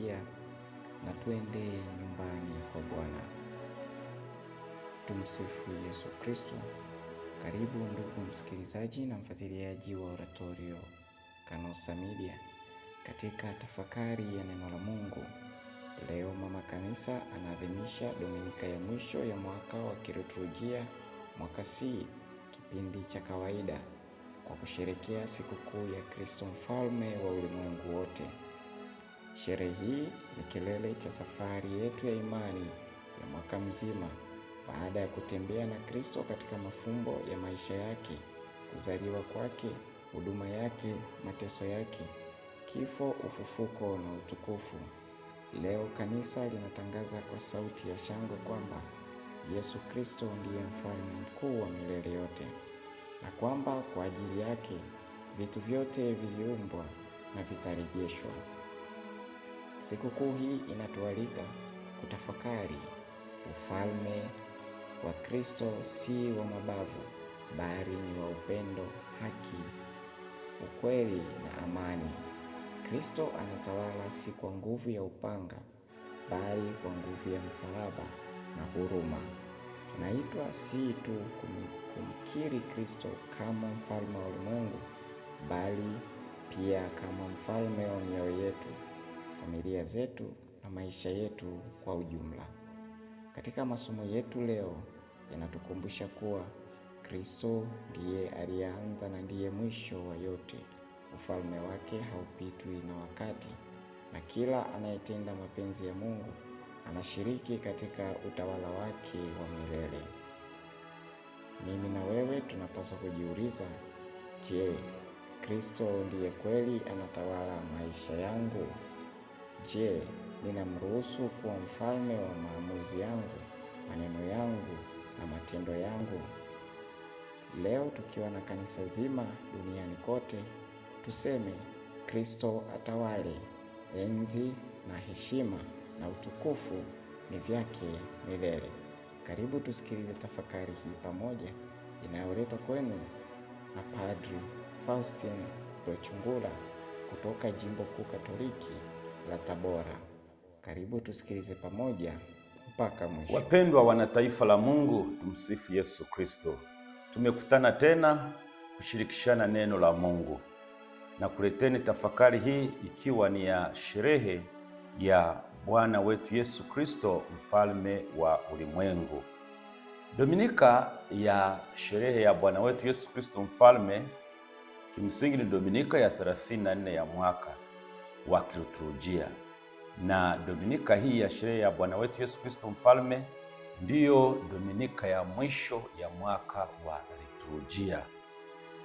pia na twende nyumbani kwa Bwana. Tumsifu Yesu Kristo. Karibu ndugu msikilizaji na mfuatiliaji wa Oratorio Kanosa Media katika tafakari ya neno la Mungu. Leo Mama Kanisa anaadhimisha dominika ya mwisho ya mwaka wa kiliturujia mwaka C, kipindi cha kawaida, kwa kusherekea sikukuu ya Kristo mfalme wa ulimwengu wote. Sherehe hii ni kilele cha safari yetu ya imani ya mwaka mzima, baada ya kutembea na Kristo katika mafumbo ya maisha yake, kuzaliwa kwake, huduma yake, mateso yake, kifo, ufufuko na utukufu. Leo kanisa linatangaza kwa sauti ya shangwe kwamba Yesu Kristo ndiye mfalme mkuu wa milele yote, na kwamba kwa ajili yake vitu vyote viliumbwa na vitarejeshwa. Sikukuu hii inatualika kutafakari ufalme wa Kristo si wa mabavu, bali ni wa upendo, haki, ukweli na amani. Kristo anatawala si kwa nguvu ya upanga, bali kwa nguvu ya msalaba na huruma. Tunaitwa si tu kumkiri Kristo kama mfalme wa ulimwengu, bali pia kama mfalme wa mioyo yetu familia zetu na maisha yetu kwa ujumla. Katika masomo yetu leo yanatukumbusha kuwa Kristo ndiye aliyeanza na ndiye mwisho wa yote. Ufalme wake haupitwi na wakati, na kila anayetenda mapenzi ya Mungu anashiriki katika utawala wake wa milele. Mimi na wewe tunapaswa kujiuliza, je, Kristo ndiye kweli anatawala maisha yangu? Je, ninamruhusu kuwa mfalme wa maamuzi yangu, maneno yangu na matendo yangu? Leo tukiwa na kanisa zima duniani kote, tuseme Kristo atawale. Enzi na heshima na utukufu ni vyake milele. Karibu tusikilize tafakari hii pamoja, inayoletwa kwenu na Padri Faustin Rwechungura kutoka Jimbo Kuu Katoliki la Tabora. Karibu tusikilize pamoja mpaka mwisho. Wapendwa wana taifa la Mungu, tumsifu Yesu Kristo. Tumekutana tena kushirikishana neno la Mungu na kuleteni tafakari hii ikiwa ni ya sherehe ya Bwana wetu Yesu Kristo mfalme wa ulimwengu. Dominika ya sherehe ya Bwana wetu Yesu Kristo mfalme kimsingi ni Dominika ya 34 ya mwaka wa kiliturujia. Na dominika hii ya sherehe ya Bwana wetu Yesu Kristo Mfalme ndiyo dominika ya mwisho ya mwaka wa liturujia.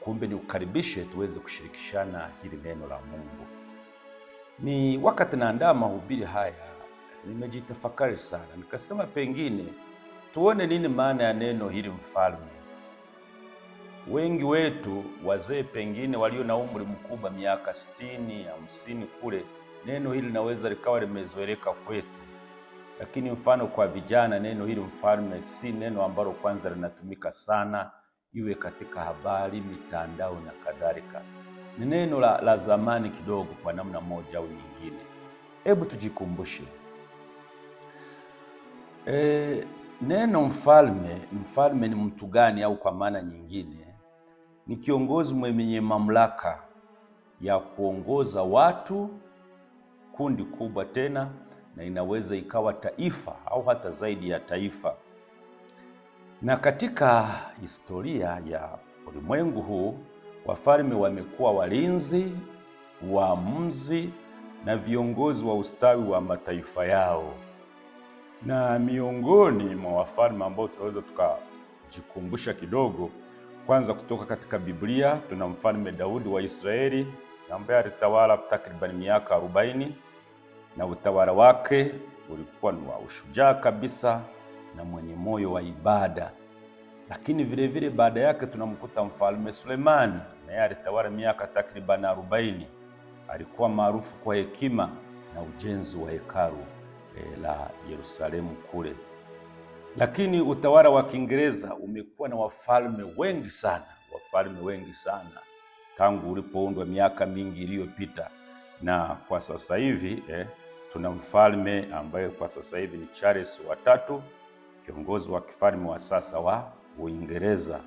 Kumbe ni ukaribishe tuweze kushirikishana hili neno la Mungu. Ni wakati naandaa mahubiri haya, nimejitafakari sana, nikasema pengine tuone nini maana ya neno hili mfalme Wengi wetu wazee pengine walio na umri mkubwa miaka sitini, hamsini kule, neno hili linaweza likawa limezoeleka kwetu, lakini mfano kwa vijana, neno hili mfalme si neno ambalo kwanza linatumika sana, iwe katika habari, mitandao na kadhalika. Ni neno la, la zamani kidogo kwa namna moja au nyingine. Hebu tujikumbushe e, neno mfalme. Mfalme ni mtu gani? Au kwa maana nyingine ni kiongozi mwenye mamlaka ya kuongoza watu, kundi kubwa tena, na inaweza ikawa taifa au hata zaidi ya taifa. Na katika historia ya ulimwengu huu, wafalme wamekuwa walinzi, waamuzi na viongozi wa ustawi wa mataifa yao. Na miongoni mwa wafalme ambao tunaweza tukajikumbusha kidogo kwanza kutoka katika Biblia tuna mfalme Daudi wa Israeli ambaye alitawala takriban miaka arobaini na utawala wake ulikuwa ni wa ushujaa kabisa na mwenye moyo wa ibada. Lakini vile baada yake tunamkuta mfalme Sulemani, naye alitawala miaka takriban arobaini. Alikuwa maarufu kwa hekima na ujenzi wa hekalu eh, la Yerusalemu kule. Lakini utawala wa Kiingereza umekuwa na wafalme wengi sana, wafalme wengi sana tangu ulipoundwa miaka mingi iliyopita, na kwa sasa hivi eh, tuna mfalme ambaye kwa sasa hivi ni Charles wa tatu, kiongozi wa kifalme wa sasa wa Uingereza.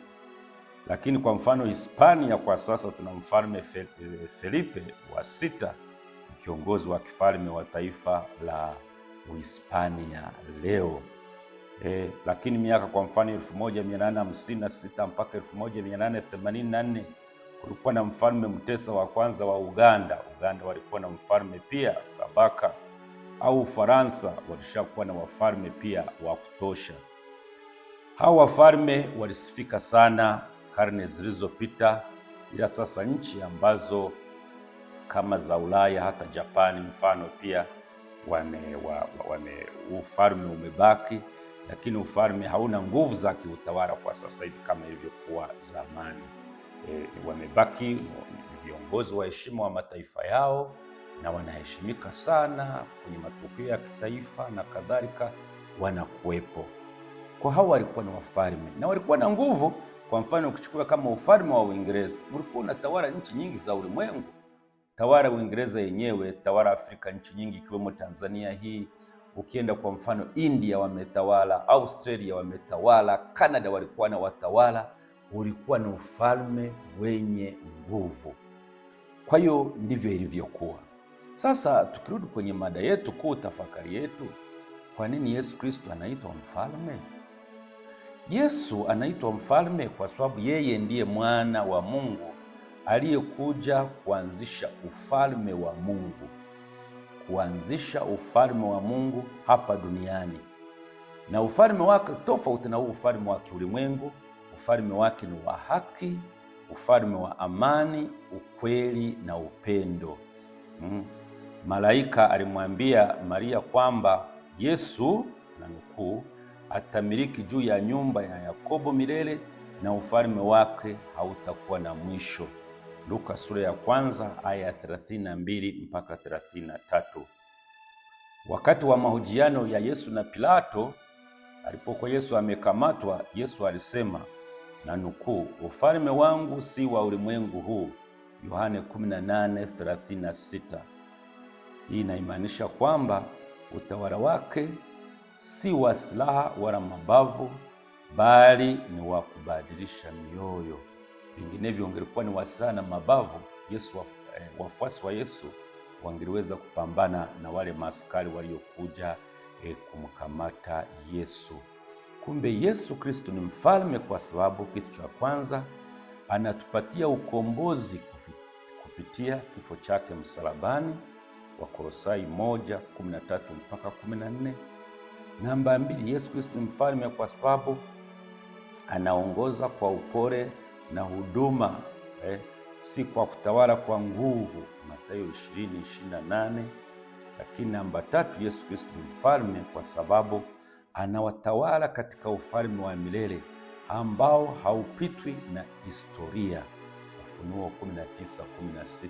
Lakini kwa mfano Hispania, kwa sasa tuna mfalme eh, Felipe wa sita, kiongozi wa kifalme wa taifa la Uhispania leo. E, lakini miaka kwa mfano sita mpaka nne kulikuwa na mfalme mtesa wa kwanza wa Uganda. Uganda walikuwa na mfalme pia Kabaka, au Ufaransa walishakuwa na wafalme pia wa kutosha. Hawa wafalme walisifika sana karne zilizopita, ila sasa nchi ambazo kama za Ulaya hata Japani mfano pia wame, wame, ufalme umebaki lakini ufalme hauna nguvu za kiutawala kwa sasa hivi kama ilivyokuwa zamani. E, wamebaki viongozi wa heshima wa mataifa yao na wanaheshimika sana kwenye matukio ya kitaifa na kadhalika, wanakuwepo. Kwa hao walikuwa ni wafalme na walikuwa na nguvu. Kwa mfano, ukichukua kama ufalme wa Uingereza ulikuwa unatawala nchi nyingi za ulimwengu, tawala Uingereza yenyewe, tawala Afrika, nchi nyingi ikiwemo Tanzania hii Ukienda kwa mfano India wametawala, Australia wametawala, Canada walikuwa na watawala, ulikuwa na ufalme wenye nguvu. Kwa hiyo ndivyo ilivyokuwa. Sasa tukirudi kwenye mada yetu kuu, tafakari yetu, kwa nini Yesu Kristo anaitwa mfalme? Yesu anaitwa mfalme kwa sababu yeye ndiye mwana wa Mungu aliyekuja kuanzisha ufalme wa Mungu kuanzisha ufalme wa Mungu hapa duniani, na ufalme wake tofauti na huu ufalme wa kiulimwengu. Ufalme wake ni wa haki, ufalme wa amani, ukweli na upendo. Hmm. Malaika alimwambia Maria kwamba Yesu na nukuu, atamiliki juu ya nyumba ya Yakobo milele na ufalme wake hautakuwa na mwisho. Luka sura ya kwanza aya ya 32 mpaka 33. Wakati wa mahojiano ya Yesu na Pilato, alipokuwa Yesu amekamatwa, Yesu alisema na nukuu, ufalme wangu si wa ulimwengu huu, Yohane 18:36. Hii inaimaanisha kwamba utawala wake si wa silaha wala mabavu, bali ni wa kubadilisha mioyo vinginevyo wangelikuwa ni wasilaha na mabavu, Yesu eh, wafuasi wa Yesu wangeliweza kupambana na wale maaskari waliokuja eh, kumkamata Yesu. Kumbe Yesu Kristo ni mfalme, kwa sababu kitu cha kwanza anatupatia ukombozi kupitia kifo chake msalabani, Wakolosai moja kumi na mpaka 14. Namba mbili, Yesu Kristo ni mfalme kwa sababu anaongoza kwa upole na huduma eh, si kwa kutawala kwa nguvu, Mathayo 20:28. Lakini namba tatu, Yesu Kristo ni mfalme kwa sababu anawatawala katika ufalme wa milele ambao haupitwi na historia, Ufunuo 19:16.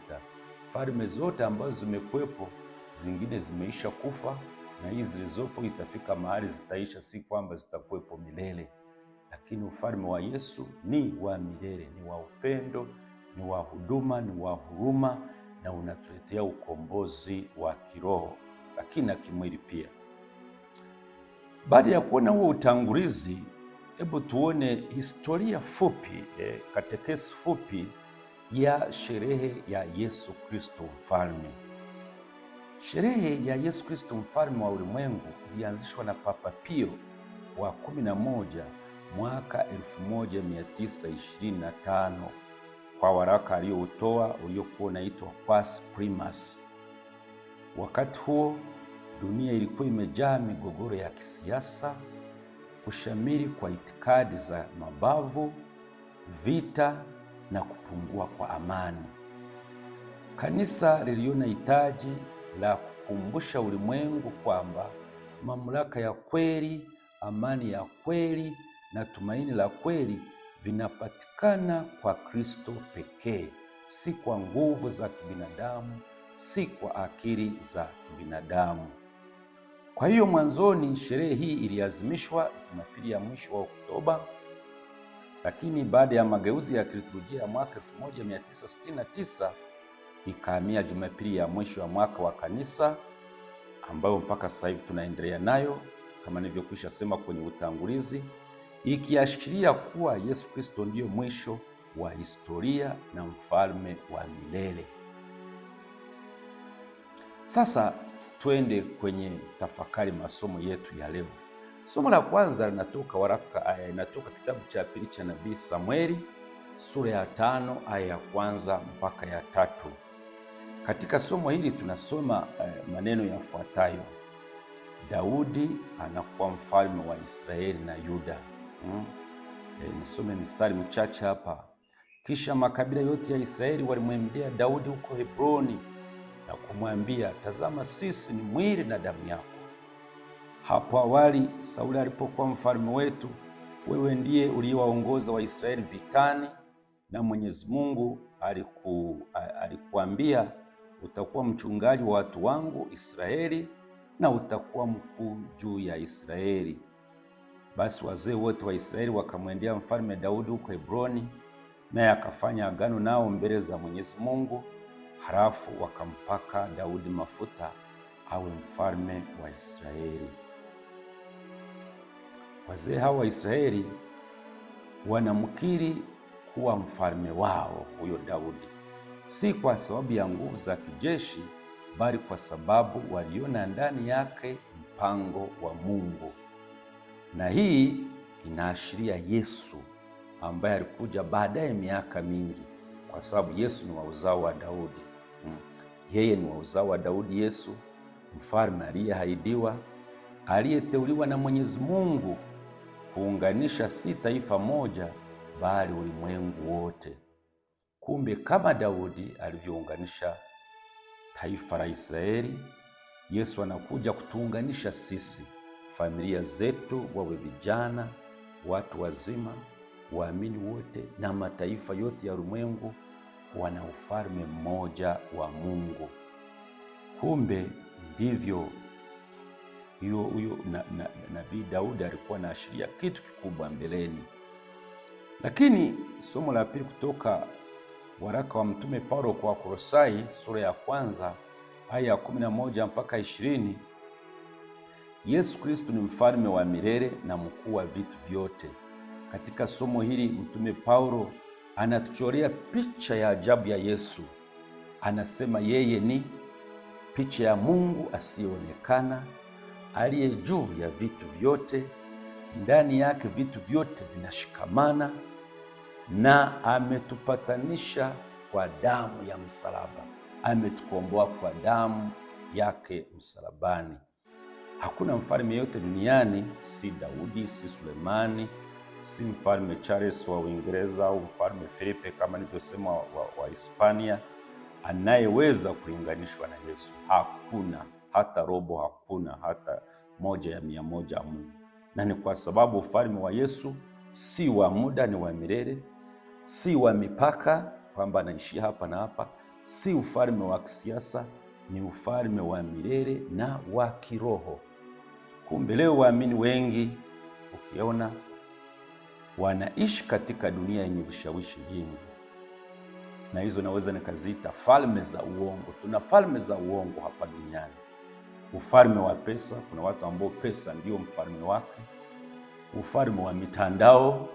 Falme zote ambazo zimekuwepo, zingine zimeisha kufa, na hizi zilizopo itafika mahali zitaisha, si kwamba zitakuwepo milele lakini ufalme wa Yesu ni wa milele, ni wa upendo, ni wa huduma, ni wa huruma na unatuletea ukombozi wa kiroho lakini na kimwili pia. Baada ya kuona huo utangulizi, hebu tuone historia fupi eh, katekesi fupi ya sherehe ya Yesu Kristo mfalme. Sherehe ya Yesu Kristo mfalme wa ulimwengu ilianzishwa na Papa Pio wa kumi na moja mwaka 1925 kwa waraka aliyoutoa uliokuwa unaitwa Quas Primas. Wakati huo dunia ilikuwa imejaa migogoro ya kisiasa, kushamiri kwa itikadi za mabavu, vita na kupungua kwa amani. Kanisa liliona hitaji la kukumbusha ulimwengu kwamba mamlaka ya kweli, amani ya kweli na tumaini la kweli vinapatikana kwa Kristo pekee, si kwa nguvu za kibinadamu, si kwa akili za kibinadamu. Kwa hiyo mwanzoni, sherehe hii iliazimishwa Jumapili ya mwisho wa Oktoba, lakini baada ya mageuzi ya kiliturujia ya mwaka 1969 ikahamia Jumapili ya mwisho ya mwaka wa kanisa ambayo mpaka sasa hivi tunaendelea nayo kama nilivyokwisha sema kwenye utangulizi ikiashiria e kuwa Yesu Kristo ndiyo mwisho wa historia na mfalme wa milele. Sasa twende kwenye tafakari masomo yetu ya leo. Somo la kwanza linatoka waraka inatoka kitabu cha pili cha nabii Samweli sura ya tano aya ya kwanza mpaka ya tatu. Katika somo hili tunasoma eh, maneno yafuatayo: Daudi anakuwa mfalme wa Israeli na Yuda hmm? E, nisome mstari mchache hapa. Kisha makabila yote ya Israeli walimwendea Daudi huko Hebroni na kumwambia, tazama, sisi ni mwili na damu yako. Hapo awali Sauli alipokuwa mfalme wetu, wewe ndiye uliyewaongoza Waisraeli vitani, na Mwenyezi Mungu aliku, alikuambia utakuwa mchungaji wa watu wangu Israeli na utakuwa mkuu juu ya Israeli. Basi wazee wote wa Israeli wakamwendea mfalme Daudi huko Hebroni, naye akafanya agano nao mbele za Mwenyezi Mungu. Halafu wakampaka Daudi mafuta awe mfalme wa Israeli. Wazee hao wa Israeli wanamkiri kuwa mfalme wao huyo Daudi, si kwa sababu ya nguvu za kijeshi, bali kwa sababu waliona ndani yake mpango wa Mungu na hii inaashiria Yesu ambaye alikuja baadaye miaka mingi, kwa sababu Yesu ni wa uzao wa Daudi. Hmm. Yeye ni wa uzao wa Daudi, Yesu mfalme aliyehaidiwa, aliyeteuliwa na Mwenyezi Mungu kuunganisha si taifa moja, bali ulimwengu wote. Kumbe kama Daudi alivyounganisha taifa la Israeli, Yesu anakuja kutuunganisha sisi familia zetu, wawe vijana, watu wazima, waamini wote na mataifa yote ya ulimwengu wana ufalme mmoja wa Mungu. Kumbe ndivyo hiyo huyo nabii Daudi alikuwa anaashiria kitu kikubwa mbeleni. Lakini somo la pili kutoka waraka wa mtume Paulo kwa Kolosai sura ya kwanza aya ya kumi na moja mpaka ishirini Yesu Kristo ni mfalme wa milele na mkuu wa vitu vyote. Katika somo hili Mtume Paulo anatuchorea picha ya ajabu ya Yesu. Anasema yeye ni picha ya Mungu asiyeonekana, aliye juu ya vitu vyote, ndani yake vitu vyote vinashikamana, na ametupatanisha kwa damu ya msalaba, ametukomboa kwa damu yake msalabani. Hakuna mfalme yote duniani, si Daudi, si Sulemani, si mfalme Charles wa Uingereza au mfalme Filipe kama nilivyosema wa, wa Hispania, anayeweza kulinganishwa na Yesu. Hakuna hata robo, hakuna hata moja ya mia moja ya Mungu, na ni kwa sababu ufalme wa Yesu si wa muda, ni wa milele, si wa mipaka kwamba anaishia hapa na hapa, si ufalme wa kisiasa, ni ufalme wa milele na wa kiroho. Kumbe leo waamini wengi ukiona wanaishi katika dunia yenye vishawishi vingi, na hizo naweza nikaziita falme za uongo. Tuna falme za uongo hapa duniani, ufalme wa pesa. Kuna watu ambao pesa ndio mfalme wake, ufalme wa mitandao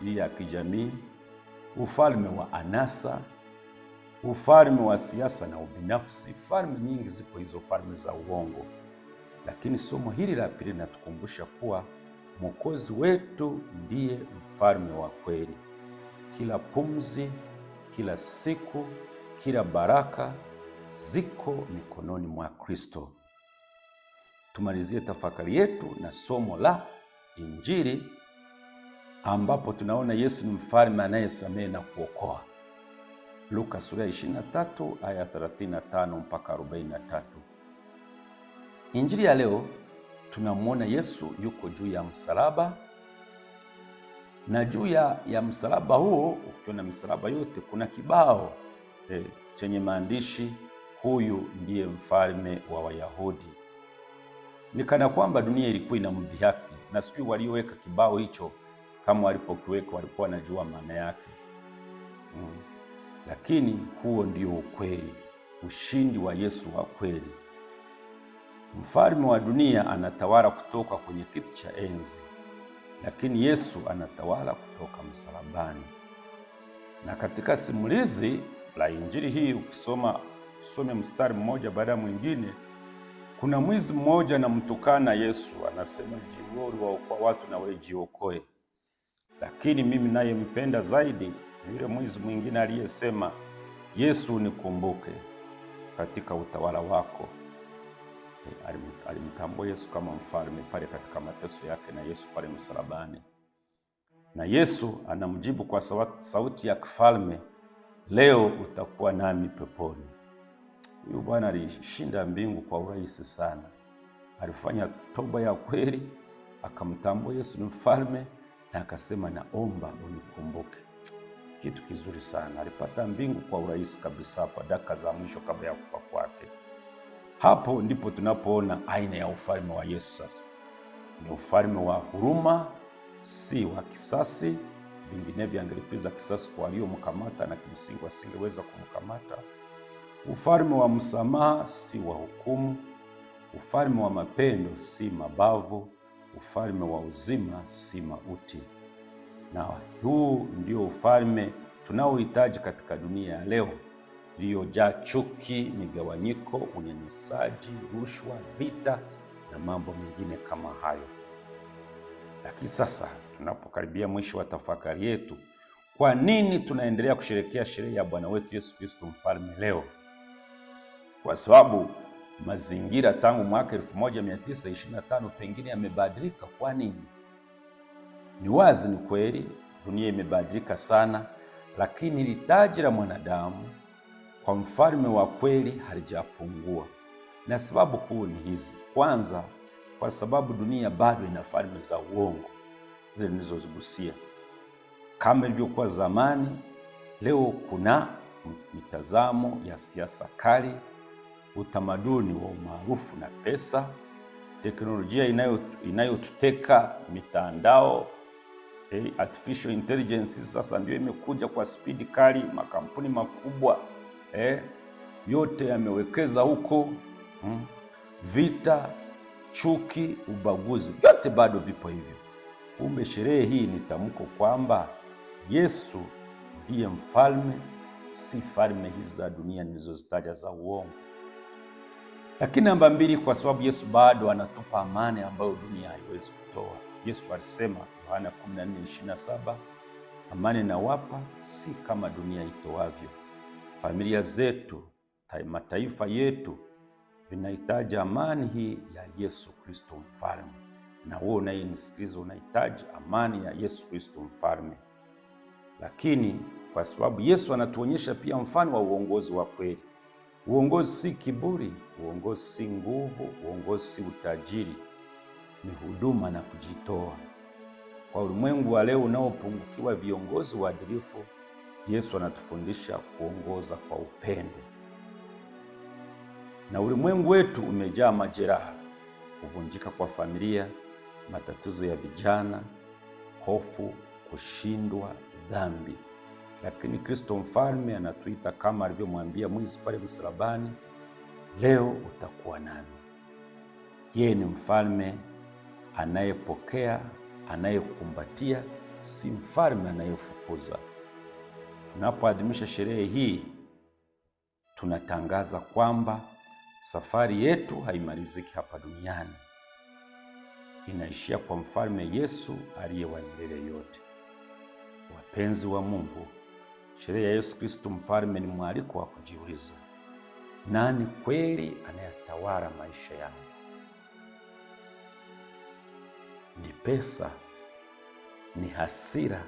hii ya kijamii, ufalme wa anasa, ufalme wa siasa na ubinafsi. Falme nyingi zipo hizo falme za uongo. Lakini somo hili la pili linatukumbusha kuwa Mwokozi wetu ndiye mfalme wa kweli. Kila pumzi, kila siku, kila baraka ziko mikononi mwa Kristo. Tumalizie tafakari yetu na somo la Injili ambapo tunaona Yesu ni mfalme anayesamehe na kuokoa. Luka sura 23 aya 35 mpaka 43. Injili ya leo tunamwona Yesu yuko juu ya msalaba, na juu ya, ya msalaba huo, ukiona msalaba yote, kuna kibao e, chenye maandishi huyu ndiye mfalme wa Wayahudi. Ni kana kwamba dunia ilikuwa inamdhihaki, na sijui walioweka kibao hicho kama walipokiweka walikuwa wanajua maana yake mm. Lakini huo ndio ukweli, ushindi wa Yesu wa kweli. Mfalme wa dunia anatawala kutoka kwenye kiti cha enzi, lakini Yesu anatawala kutoka msalabani. Na katika simulizi la injili hii, ukisoma usome mstari mmoja baada ya mwingine, kuna mwizi mmoja anamtukana Yesu, anasema jiwe liwaokoa watu na wewe jiokoe. Lakini mimi nayempenda zaidi yule mwizi mwingine aliyesema, Yesu, nikumbuke katika utawala wako alimtambua Yesu kama mfalme pale katika mateso yake na Yesu pale msalabani, na Yesu anamjibu kwa sauti ya kifalme, leo utakuwa nami peponi. Huyu Bwana alishinda mbingu kwa urahisi sana. Alifanya toba ya kweli, akamtambua Yesu ni mfalme, na akasema naomba unikumbuke. Kitu kizuri sana, alipata mbingu kwa urahisi kabisa, kwa dakika za mwisho kabla ya kufa kwake. Hapo ndipo tunapoona aina ya ufalme wa Yesu. Sasa ni ufalme wa huruma, si wa kisasi. Vinginevyo angelipiza kisasi kwa waliomkamata, na kimsingi wasingeweza kumkamata. Ufalme wa msamaha, si wa hukumu. Ufalme wa mapendo, si mabavu. Ufalme wa uzima, si mauti. Na huu ndio ufalme tunaohitaji katika dunia ya leo iliyojaa chuki, migawanyiko, unyanyasaji, rushwa, vita na mambo mengine kama hayo. Lakini sasa tunapokaribia mwisho wa tafakari yetu, kwa nini tunaendelea kusherekea sherehe ya Bwana wetu Yesu Kristo mfalme leo? Kwa sababu mazingira tangu mwaka 1925 pengine yamebadilika. Kwa nini? Ni wazi, ni kweli dunia imebadilika sana, lakini litaji la mwanadamu kwa mfalme wa kweli halijapungua, na sababu kuu ni hizi. Kwanza, kwa sababu dunia bado ina falme za uongo zile nilizozigusia. Kama ilivyokuwa zamani, leo kuna mitazamo ya siasa kali, utamaduni wa umaarufu na pesa, teknolojia inayotuteka mitandao eh, Artificial intelligence sasa ndio imekuja kwa spidi kali. Makampuni makubwa eh, yote yamewekeza huko hmm. Vita, chuki, ubaguzi, vyote bado vipo hivyo. Kumbe sherehe hii ni tamko kwamba Yesu ndiye mfalme, si falme hizi za dunia nilizozitaja za uongo. Lakini namba mbili, kwa sababu Yesu bado anatupa amani ambayo dunia haiwezi kutoa. Yesu alisema Yohana 14:27, amani nawapa, si kama dunia itoavyo familia zetu, mataifa yetu vinahitaji amani hii ya Yesu Kristo Mfalme. Na wewe unayenisikiliza unahitaji amani ya Yesu Kristo Mfalme, lakini kwa sababu Yesu anatuonyesha pia mfano wa uongozi wa kweli. Uongozi si kiburi, uongozi si nguvu, uongozi si utajiri, ni huduma na kujitoa. Kwa ulimwengu wa leo unaopungukiwa viongozi waadilifu Yesu anatufundisha kuongoza kwa upendo. Na ulimwengu wetu umejaa majeraha, kuvunjika kwa familia, matatizo ya vijana, hofu, kushindwa, dhambi. Lakini Kristo mfalme anatuita kama alivyomwambia mwizi pale msalabani, leo utakuwa nami. Yeye ni mfalme anayepokea, anayekumbatia, si mfalme anayefukuza tunapoadhimisha sherehe hii tunatangaza kwamba safari yetu haimaliziki hapa duniani, inaishia kwa mfalme Yesu aliye wa milele yote. Wapenzi wa Mungu, sherehe ya Yesu Kristo mfalme ni mwaliko wa kujiuliza, nani kweli anayetawala maisha yangu? Ni pesa? Ni hasira?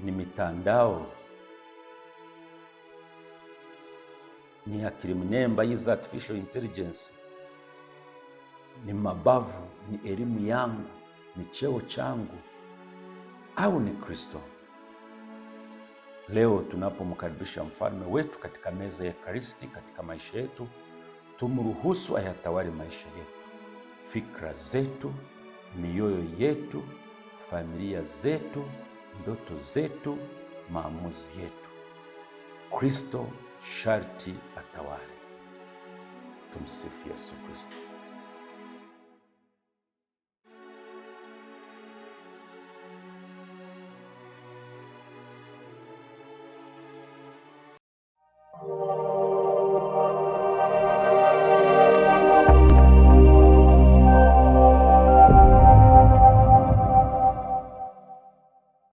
Ni mitandao ni akili mnemba hizi artificial intelligence, ni mabavu, ni elimu yangu, ni cheo changu au ni Kristo? Leo tunapomkaribisha mfalme wetu katika meza ya Ekaristi katika maisha yetu, tumruhusu ayatawale maisha yetu, fikra zetu, mioyo yetu, familia zetu, ndoto zetu, maamuzi yetu. Kristo sharti atawale. Tumsifu Yesu Kristo.